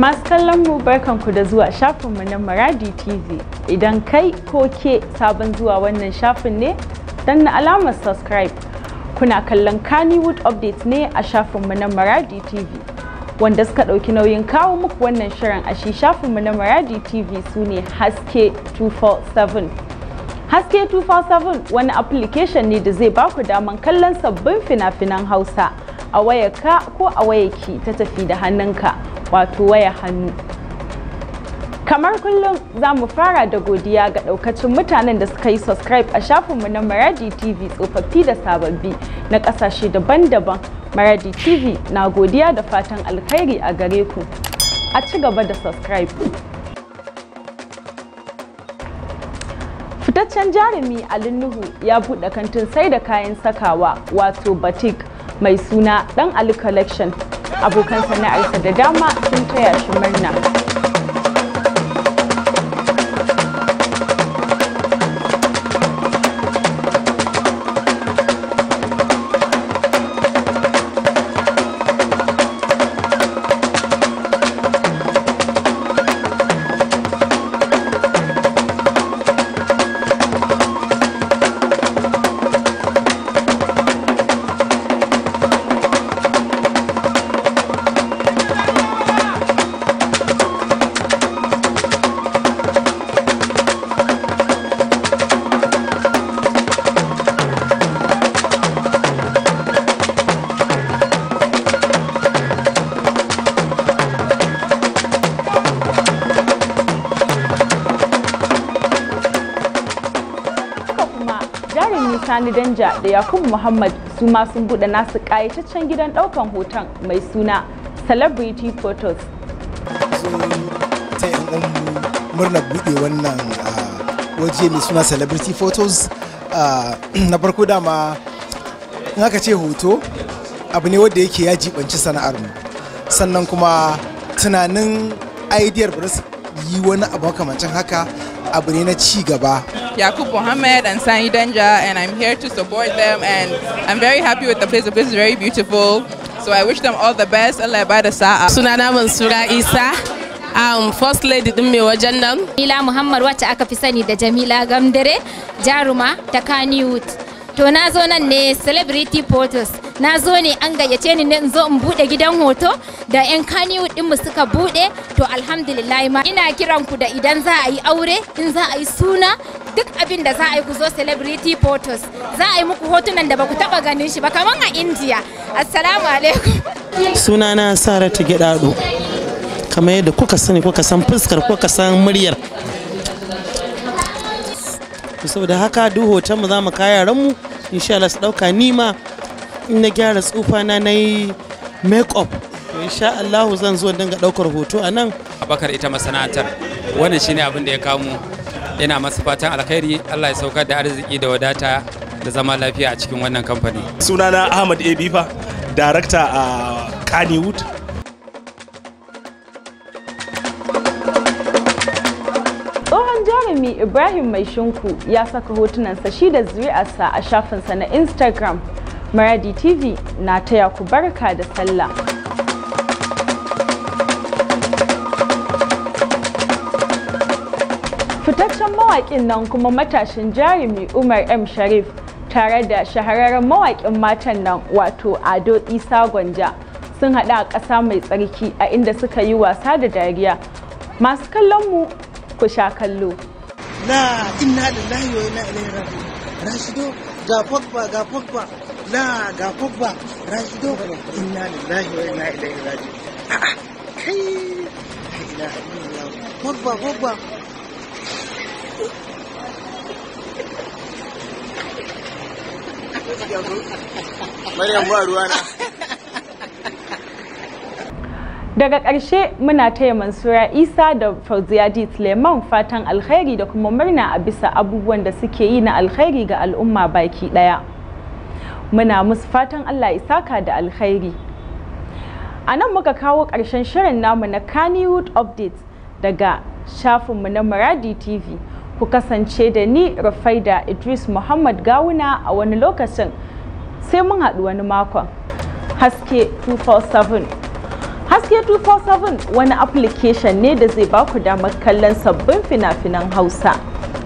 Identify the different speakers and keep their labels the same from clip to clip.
Speaker 1: Masu kallon mu barkanku da zuwa shafin mu na Maradi TV. Idan kai ko ke sabon zuwa wannan shafin ne, dan na alamar subscribe. Kuna kallon Kannywood Update ne a shafin mu na Maradi TV. Wanda suka ɗauki nauyin kawo muku wannan shirin a shi shafin mu na Maradi TV su ne Haske 247. Haske 247 wani application ne da zai ba ku daman kallon sabbin fina-finan Hausa a wayarka ko a wayarki ta tafi da hannunka. wato waya hannu kamar kullum za mu fara da godiya ga daukacin mutanen da suka yi subscribe a shafin mu na maradi tv tsofaffi da sababbi na kasashe daban-daban maradi tv na godiya da fatan alkhairi a gare ku a ci gaba da subscribe fitaccen jarumi alinuhu ya buɗe kantin sai da kayan sakawa wato batik mai suna dan ali collection abokan sana'arsa da dama sun taya shi murna Sani Danja da Yakubu Muhammad su ma sun buɗe nasu ƙayataccen gidan ɗaukan hoton mai suna Celebrity Photos. Ta murna buɗe wannan ah, waje mai suna Celebrity Photos ah, na farko dama in aka ce hoto abu ne wanda yake ya jibanci sana'ar mu sannan kuma tunanin idiyar ba su yi wani abu makamancin haka abu ne na ci gaba Yakub Mohammed and Sani Denja, and I'm here to support them. And I'm very happy with the place. The place is very beautiful. So I wish them all the best. Allah ba sa'a. Sunana Mansura Isa. um, first lady din mai wajen nan. Jamila Muhammad wacce aka fi sani da Jamila Gamdare, jaruma ta Kannywood. to na zo nan ne celebrity photos na zo ne an gayyace ni ne in zo in bude gidan hoto da yan din mu suka bude to alhamdulillah ma ina kiran ku da idan za a yi aure in za a yi suna duk abin da za a yi ku zo celebrity photos za a yi muku hotunan da ba ku taba ganin shi ba kaman a india assalamu alaikum Suna na saratu gidado kamar yadda kuka sani kuka san fuskar kuka san muryar to saboda haka duk hoton mu za mu yaran mu insha Allah su dauka ni in na gyara tsufa na nayi make up insha Allah zan zo dinga daukar hoto a nan abakar ita masana'antar wannan shine abin da ya kamu yana masu fatan alkhairi Allah ya saukar da arziki da wadata da zama lafiya a cikin wannan kamfani sunana Ahmad Ebifa darakta a Kannywood jarumi ibrahim mai shinku ya saka hotunansa shi da zuri'arsa a shafinsa na instagram maradi tv na taya ku barka da sallah fitaccen mawaƙin nan kuma matashin jarumi umar m sharif tare da shahararren mawaƙin matan nan wato ado isa gwanja sun haɗa a ƙasa mai tsarki a inda suka yi wasa da dariya masu kallon mu ku sha kallo la inna lillahi wa inna ilaihi raji'un rashido ga pogba ga pogba la ga pogba rashido inna lillahi wa inna ilaihi raji'un a'a kai la ilaha illallah pogba pogba Maryam ba ruwana. daga ƙarshe muna taya mansura isa da fauziyadi suleiman fatan alkhairi da kuma murna a bisa abubuwan da suke yi na alkhairi ga al'umma baki ɗaya muna musu fatan allah isaka da alkhairi a nan muka kawo ƙarshen shirin namu na kannywood update daga shafinmu na maradi tv ku kasance da ni rufaida idris muhammad gawuna a wani lokacin sai mun haɗu wani makon haske 247 Haske 247 wani application ne da zai baku damar kallon sabbin fina-finan Hausa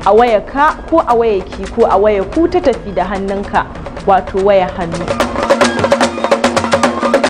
Speaker 1: a waya ka ko a waya ki ko a waya ku ta tafi da hannunka wato waya hannu.